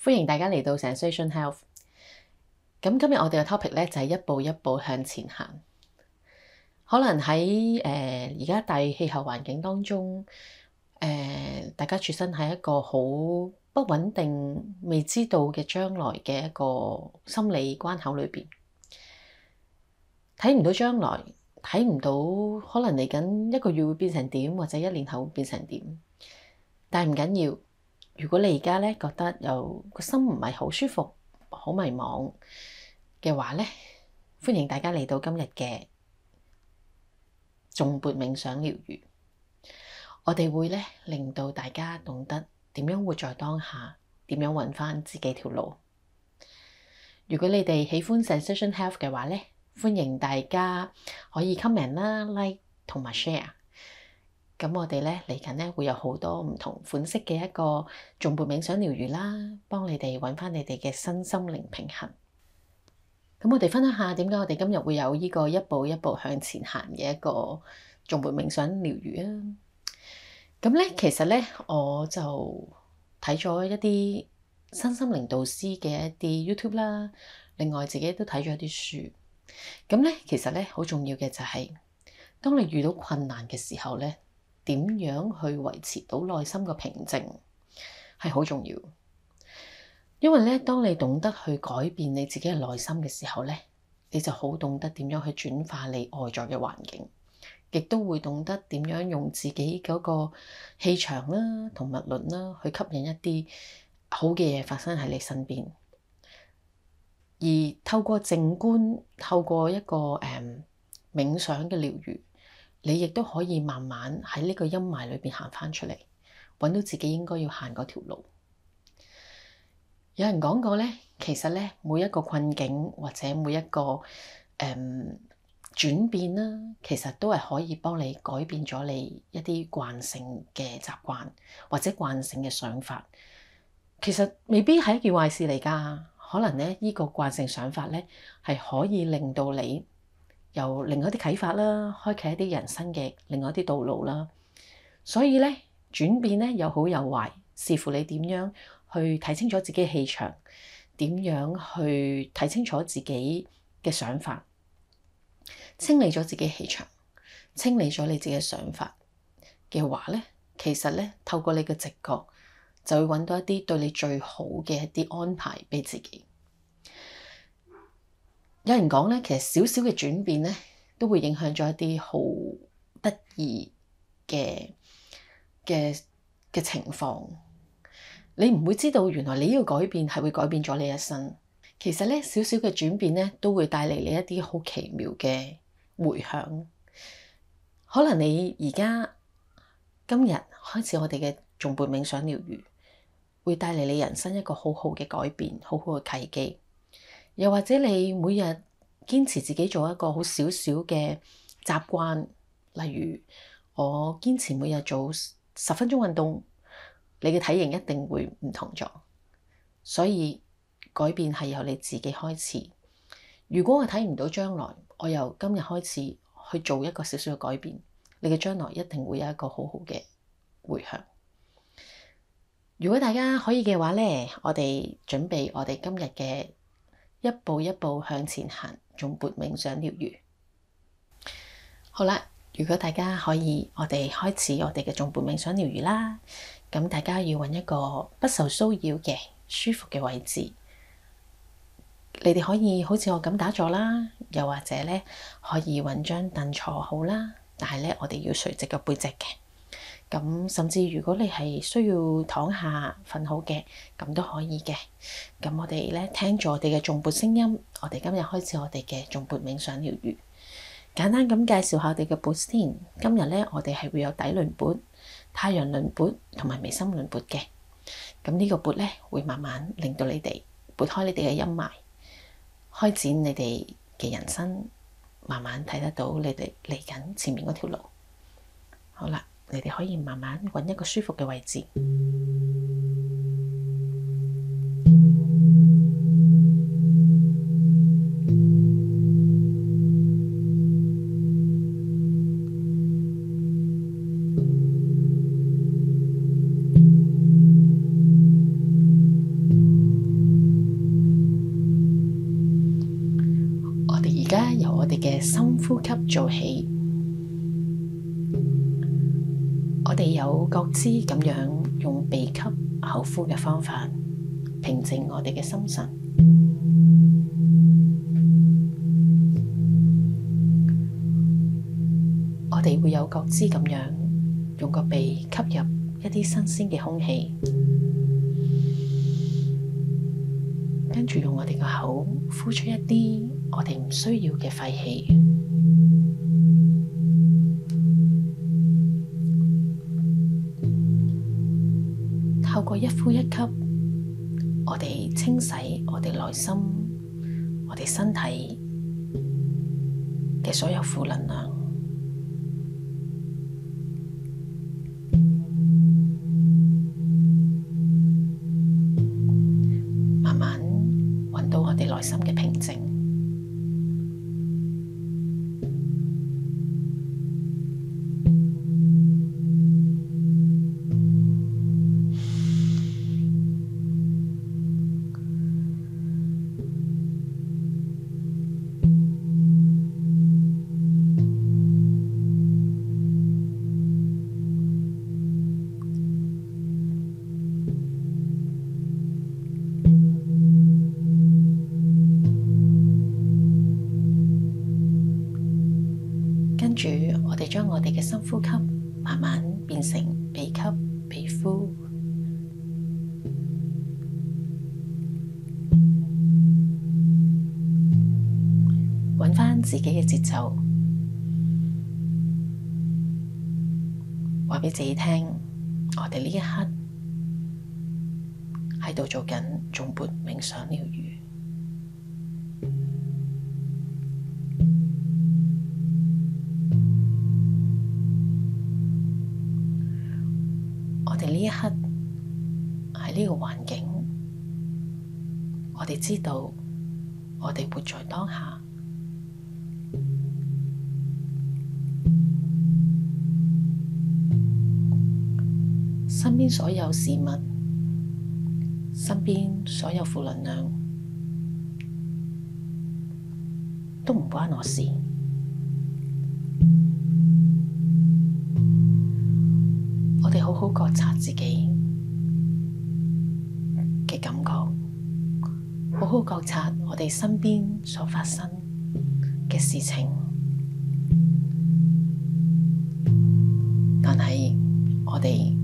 歡迎大家嚟到 Zensation Health。咁今日我哋嘅 topic 咧就係一步一步向前行。可能喺誒而家大氣候環境當中，誒、呃、大家處身喺一個好不穩定、未知道嘅將來嘅一個心理關口裏邊，睇唔到將來，睇唔到可能嚟緊一個月會變成點，或者一年後會變成點。但係唔緊要。如果你而家咧覺得又個心唔係好舒服、好迷茫嘅話咧，歡迎大家嚟到今日嘅頌缽冥想療癒，我哋會咧令到大家懂得點樣活在當下，點樣揾翻自己條路。如果你哋喜歡 Zensation Health 嘅話咧，歡迎大家可以 comment、like，啦、like 同埋 share。咁我哋呢嚟緊呢會有好多唔同款式嘅一個頌缽冥，冥想療癒啦，幫你哋搵返你哋嘅身心靈平衡。咁我哋分享下點解我哋今日會有呢個一步一步向前行嘅一個頌缽冥，冥想療癒啊。咁呢其實呢我就睇咗一啲身心靈導師嘅一啲 YouTube 啦，另外自己都睇咗一啲書。咁呢其實呢好重要嘅就係當你遇到困難嘅時候呢。點樣去維持到內心嘅平靜係好重要，因為咧，當你懂得去改變你自己嘅內心嘅時候咧，你就好懂得點樣去轉化你外在嘅環境，亦都會懂得點樣用自己嗰個氣場啦同物論啦去吸引一啲好嘅嘢發生喺你身邊，而透過靜觀，透過一個、嗯、冥想嘅療愈。你亦都可以慢慢喺呢個陰霾裏邊行翻出嚟，揾到自己應該要行嗰條路。有人講過咧，其實咧每一個困境或者每一個誒轉、嗯、變啦，其實都係可以幫你改變咗你一啲慣性嘅習慣或者慣性嘅想法。其實未必係一件壞事嚟噶，可能咧呢、呢個慣性想法咧係可以令到你，由另外一啲啟發啦，開啟一啲人生嘅另外一啲道路啦。所以咧，轉變咧有好有壞，視乎你點樣去睇清楚自己嘅氣場，點樣去睇清楚自己嘅想法，清理咗自己嘅氣場，清理咗你自己嘅想法嘅話咧，其實咧透過你嘅直覺就會揾到一啲對你最好嘅一啲安排俾自己。有人講咧，其實少少嘅轉變咧，都會影響咗一啲好得意嘅嘅嘅情況。你唔會知道原來你要改變係會改變咗你一生。其實咧，少少嘅轉變咧，都會帶嚟你一啲好奇妙嘅迴響。可能你而家今日開始，我哋嘅頌缽冥想療癒，會帶嚟你人生一個好好嘅改變，好好嘅契機。又或者你每日堅持自己做一個好少少嘅習慣，例如我堅持每日做十分鐘運動，你嘅體型一定會唔同咗。所以改變係由你自己開始。如果我睇唔到將來，我由今日開始去做一個少少嘅改變，你嘅將來一定會有一個好好嘅回響。如果大家可以嘅話咧，我哋準備我哋今日嘅。一步一步向前行，頌缽冥想療癒。好啦，如果大家可以，我哋開始我哋嘅頌缽冥想療癒啦。咁大家要揾一個不受騷擾嘅舒服嘅位置。你哋可以好似我咁打坐啦，又或者咧可以揾張凳坐好啦。但係咧，我哋要垂直個背脊嘅。咁甚至如果你係需要躺下瞓好嘅，咁都可以嘅。咁我哋咧聽住我哋嘅頌缽聲音，我哋今日開始我哋嘅頌缽冥想療癒，簡單咁介紹下我哋嘅缽先。今日咧，我哋係會有底輪缽、太陽輪缽同埋眉心輪缽嘅。咁呢個缽咧，會慢慢令到你哋撥開你哋嘅陰霾，開展你哋嘅人生，慢慢睇得到你哋嚟緊前面嗰條路。好啦。你哋可以慢慢揾一個舒服嘅位置。我哋而家由我哋嘅深呼吸做起。有覺知咁樣用鼻吸、口呼嘅方法，平靜我哋嘅心神。 我哋會有覺知咁樣用個鼻吸入一啲新鮮嘅空氣，跟住用我哋個口呼出一啲我哋唔需要嘅廢氣。透過一呼一吸，我哋清洗我哋內心、我哋身體嘅所有負能量。嘅深呼吸，慢慢變成鼻吸鼻呼，揾翻自己嘅節奏，話俾自己聽，我哋呢一刻喺度做緊頌缽冥想療愈。一刻喺呢個環境，我哋知道，我哋活在當下，身邊所有事物，身邊所有負能量，都唔關我事。覺察我哋身邊所發生嘅事情，但係我哋。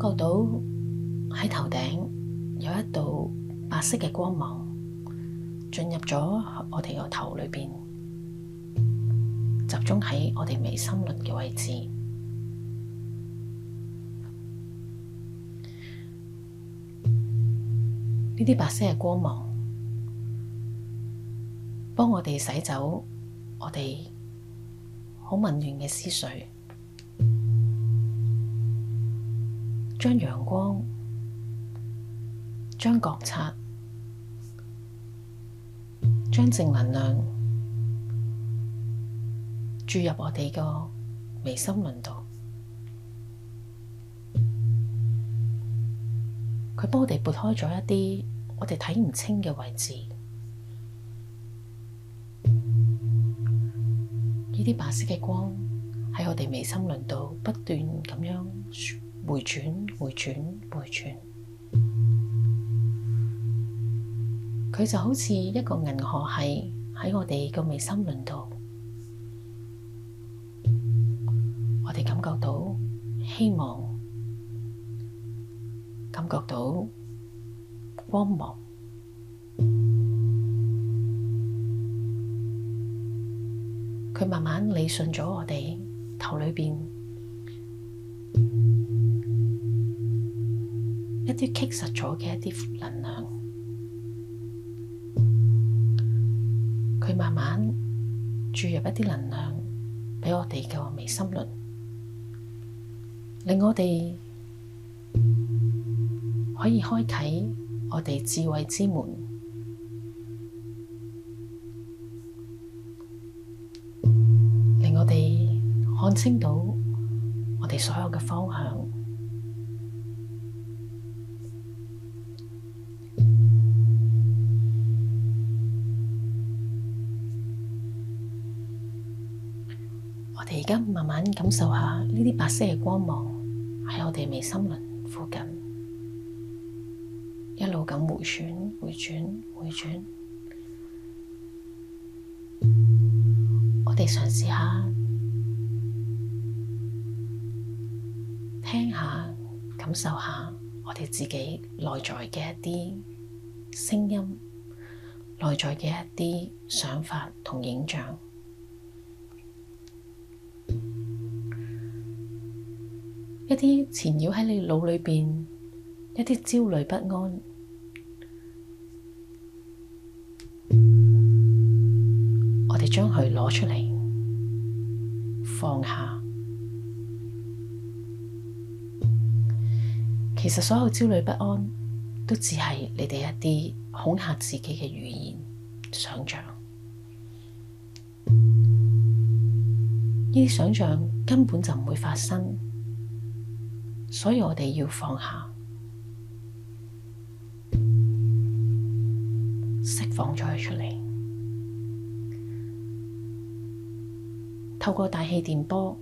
覺到喺頭頂有一道白色嘅光芒進入咗我哋個頭裏邊，集中喺我哋眉心輪嘅位置。呢啲白色嘅光芒幫我哋洗走我哋好混亂嘅思緒。將陽光、將覺察、將正能量注入我哋個眉心輪度，佢幫我哋撥開咗一啲我哋睇唔清嘅位置。呢啲白色嘅光喺我哋眉心輪度不斷咁樣。回轉，回轉，回轉。佢就好似一個銀河系喺我哋個眉心輪度，我哋感覺到希望，感覺到光芒。佢慢慢理順咗我哋頭裏面。一啲吸實咗嘅一啲能量，佢慢慢注入一啲能量畀我哋嘅眉心輪，令我哋可以開啟我哋智慧之門，令我哋看清到我哋所有嘅方向。咁慢慢感受下呢啲白色嘅光芒喺我哋眉心輪附近，一路咁回轉、回轉、回轉。我哋嘗試下聽下，感受下我哋自己內在嘅一啲聲音，內在嘅一啲想法同影像。一啲纏繞喺你腦裏邊，一啲焦慮不安， 我哋將佢攞出嚟放下。其實所有焦慮不安，都只係你哋一啲恐吓自己嘅語言想象，呢啲想象根本就唔會發生。所以我哋要放下，釋放咗出嚟，透過大氣電波，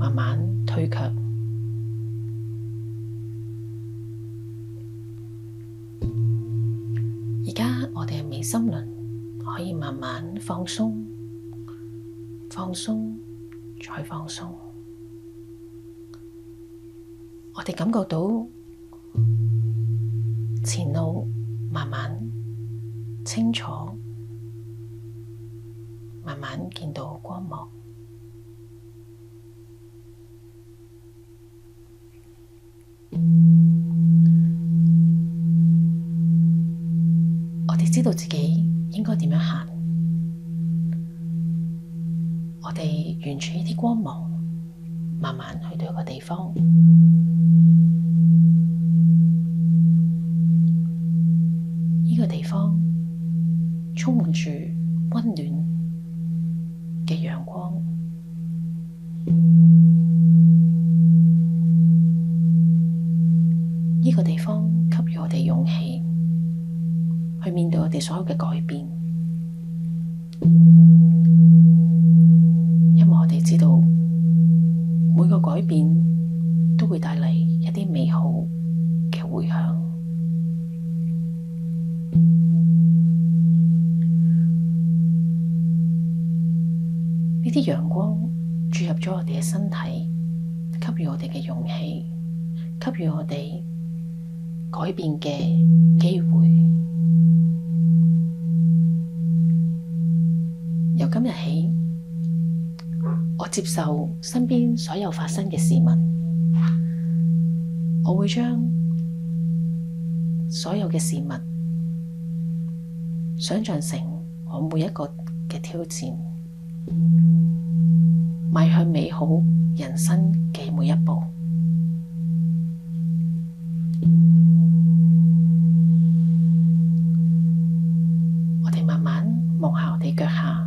慢慢退卻。而家我哋嘅眉心輪，可以慢慢放鬆，放鬆，再放鬆。我哋感覺到前路慢慢清楚，慢慢見到光芒。我哋知道自己應該點樣行。我哋沿住呢啲光芒，慢慢去到一個地方。充滿住溫暖嘅陽光，呢個地方給予我哋勇氣去面對我哋所有嘅改變，因為我哋知道每個改變都會帶嚟一啲美好嘅回響。啲陽光注入咗我哋嘅身體，給予我哋嘅勇氣，給予我哋改變嘅機會。由今日起，我接受身邊所有發生嘅事物，我會將所有嘅事物想象成我每一個嘅挑戰。邁向美好人生嘅每一步，我哋慢慢望下我哋腳下，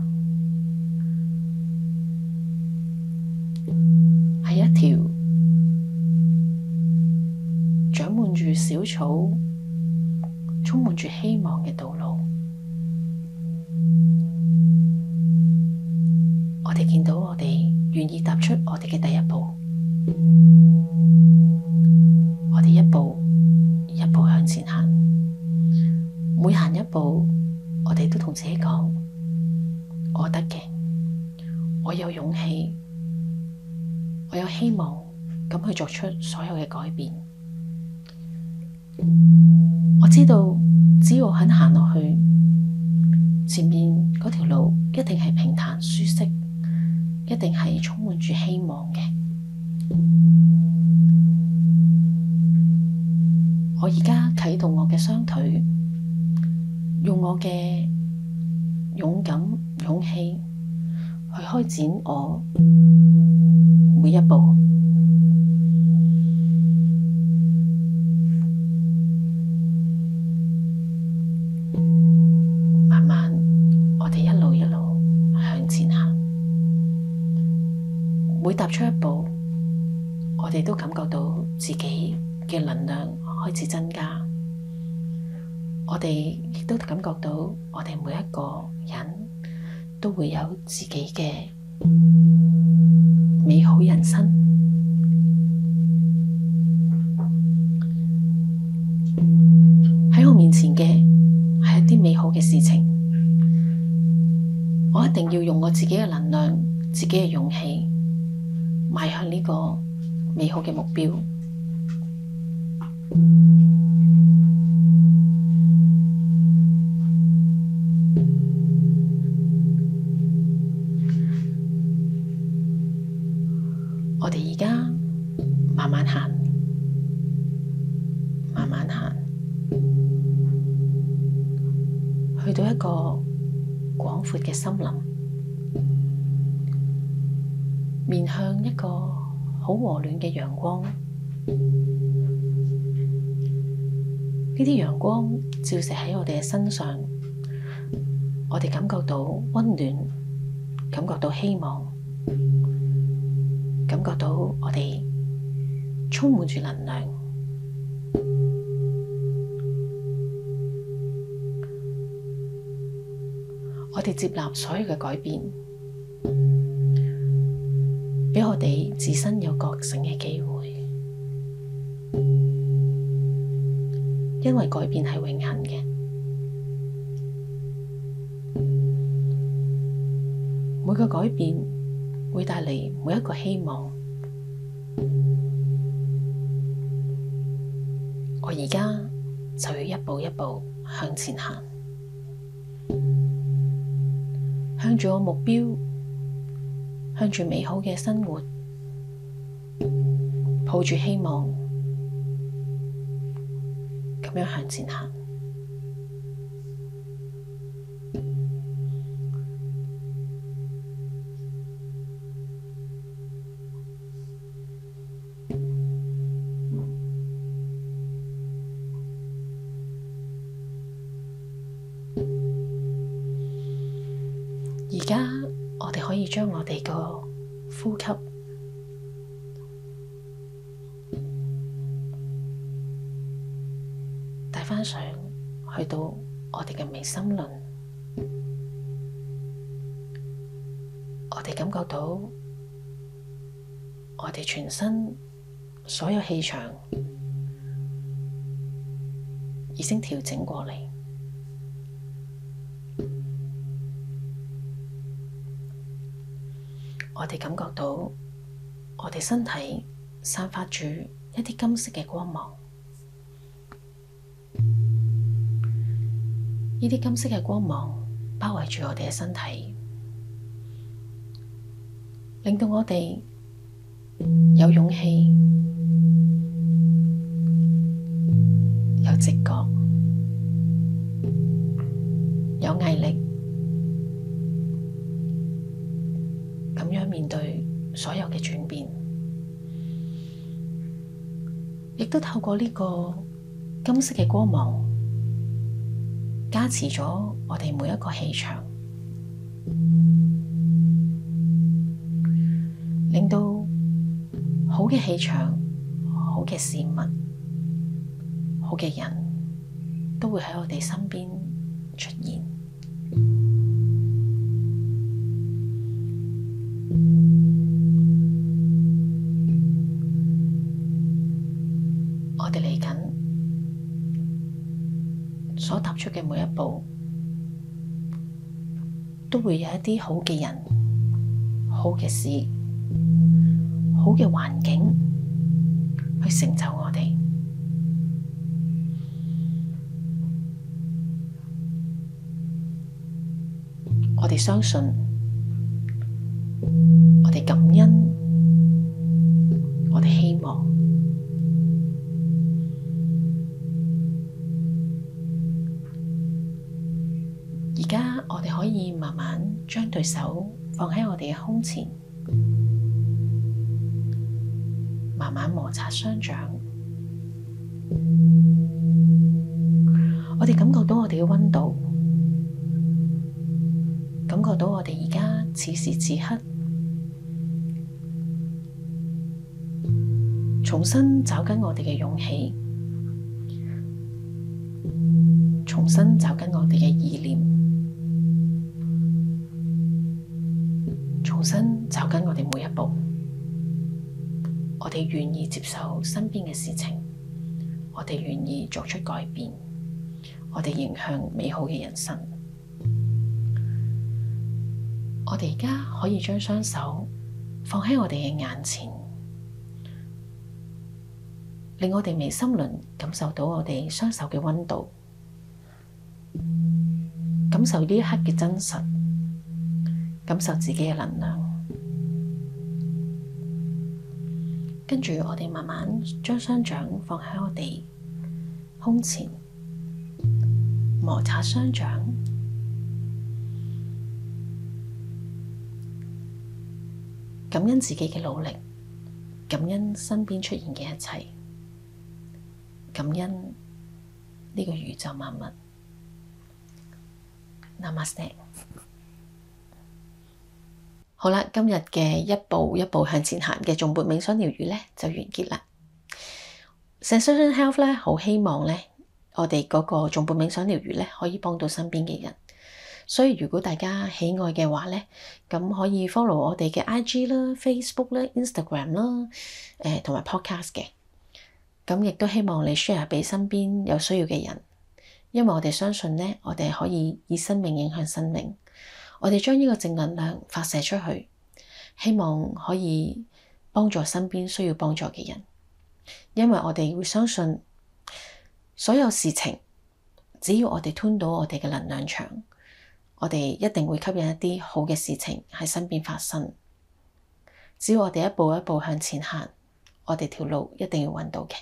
係一條長滿住小草、充滿住希望嘅道路。出所有嘅改變，我知道只要肯行落去，前面嗰條路一定係平坦舒適，一定係充滿住希望嘅。我而家啟動我嘅雙腿，用我嘅勇敢勇氣去開展我每一步。我哋都感覺到自己嘅能量開始增加，我哋亦都感覺到我哋每一個人都會有自己嘅美好人生。喺我面前嘅，係一啲美好嘅事情，我一定要用我自己嘅能量、自己嘅勇氣邁向呢、這個。美好嘅目標。我哋而家慢慢行，慢慢行，去到一個廣闊嘅森林，面向一個好和暖嘅陽光，呢啲陽光照射喺我哋嘅身上，我哋感覺到温暖，感覺到希望，感覺到我哋充滿住能量，我哋接納所有嘅改變。畀我哋自身有覺醒嘅機會，因為改變係永恆嘅。每個改變會帶嚟每一個希望。我而家就要一步一步向前行，向住我目標。向住美好嘅生活，抱住希望，咁樣向前行。將我哋個呼吸帶返上去到我哋嘅眉心輪，我哋感覺到我哋全身所有氣場已經調整過嚟。我哋感覺到，我哋身體散發住一啲金色嘅光芒，呢啲金色嘅光芒包圍住我哋嘅身體，令到我哋有勇氣。我呢個金色嘅光芒加持咗我哋每一個氣場，令到好嘅氣場、好嘅事物、好嘅人都會喺我哋身邊出現。每一步都會有一啲好嘅人、好嘅事、好嘅環境，去成就我哋。我哋相信，我哋感恩。手放喺我哋嘅胸前，慢慢摩擦雙掌。我哋感覺到我哋嘅溫度，感覺到我哋而家此時此刻，重新找緊我哋嘅勇氣，重新找緊我哋嘅意念。我哋願意接受身邊嘅事情，我哋願意作出改變，我哋迎向美好嘅人生。我哋而家可以將雙手放喺我哋嘅眼前，令我哋眉心輪感受到我哋雙手嘅溫度，感受呢一刻嘅真實，感受自己嘅能量。跟住，我哋慢慢將雙掌放喺我哋胸前，摩擦雙掌，感恩自己嘅努力，感恩身邊出現嘅一切，感恩呢個宇宙萬物。Namaste。好啦，今日嘅一步一步向前行嘅頌缽冥想療癒咧就完結啦。Zensation Health 咧好希望咧我哋嗰個頌缽冥想療癒咧可以幫到身邊嘅人，所以如果大家喜愛嘅話咧，咁可以 follow 我哋嘅 I G 啦、Facebook 啦、Instagram 啦，誒同埋 podcast 嘅。咁亦都希望你 share 俾身邊有需要嘅人，因為我哋相信咧，我哋可以以生命影響生命。我哋將呢個正能量發射出去，希望可以幫助身邊需要幫助嘅人。因為我哋會相信所有事情，只要我哋吞到我哋嘅能量場，我哋一定會吸引一啲好嘅事情喺身邊發生。只要我哋一步一步向前行，我哋條路一定要搵到嘅。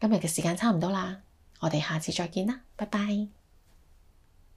今日嘅時間差唔多啦，我哋下次再見啦，拜拜。